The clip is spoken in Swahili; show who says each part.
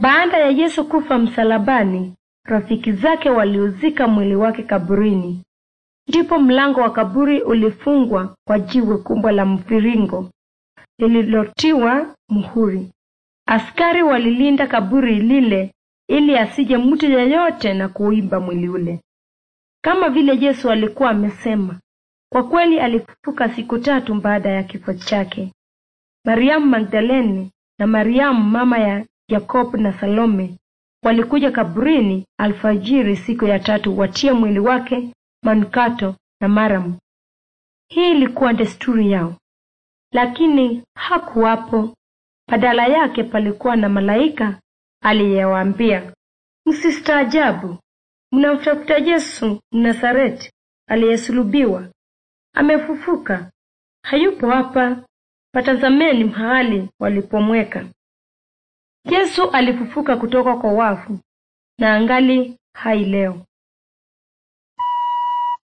Speaker 1: Baada ya Yesu kufa msalabani, rafiki zake waliuzika mwili wake kaburini. Ndipo mlango wa kaburi ulifungwa kwa jiwe kubwa la mviringo lililotiwa muhuri. Askari walilinda kaburi lile ili asije mtu yeyote na kuimba mwili ule. Kama vile Yesu alikuwa amesema, kwa kweli alifufuka siku tatu baada ya kifo chake. Mariamu Magdalene na Mariamu mama ya Yakobo na Salome walikuja kaburini alfajiri siku ya tatu watie mwili wake manukato na maramu. Hii ilikuwa desturi yao, lakini hakuwapo. Badala yake palikuwa na malaika aliyewaambia, msistaajabu, mnamtafuta Yesu Mnazareti aliyesulubiwa. Amefufuka, hayupo hapa. Patazameni mahali walipomweka. Yesu alifufuka kutoka kwa wafu na angali hai leo.